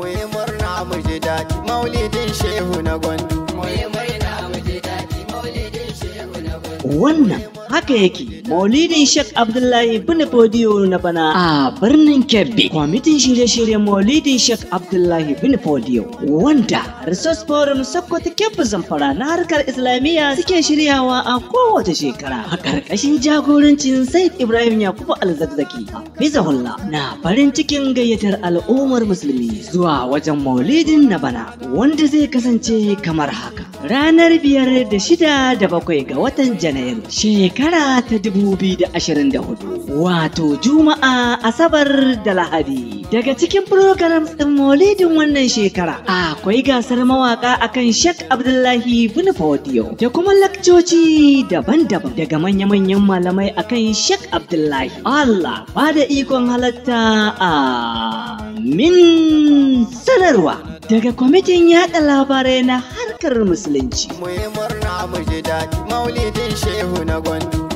mu yi murna mu ji daɗi maulidin shehu na gwandu mu yi murna mu ji daɗi maulidin shehu Wannan haka yake maulidin Sheikh Abdullahi bin Fodiyo na bana a birnin Kebbi. Kwamitin shirye-shiryen maulidin Sheikh Abdullahi bin Fodiyo wanda Resource Forum Sokoto Kebbi Zamfara na harkar Islamiyya suke shiryawa a kowace shekara a ƙarƙashin jagorancin Said Ibrahim Yakubu Alzakzaki. Hulla na farin cikin gayyatar al'ummar musulmi zuwa wajen maulidin na bana wanda zai kasance kamar haka. Ranar biyar da shida da bakwai ga wata watan Janairu shekara ta 2024 wato Juma'a Asabar da Lahadi. Daga cikin program ɗin Maulidin wannan shekara akwai gasar mawaka akan Sheikh Abdullahi bin da kuma lakcoci daban-daban daga manya-manyan malamai akan Sheikh Abdullahi. Allah ba da ikon halatta a min sanarwa daga kwamitin yada labarai na albarkar musulunci. Mu yi murna mu ji daɗi maulidin shehu na gwandu.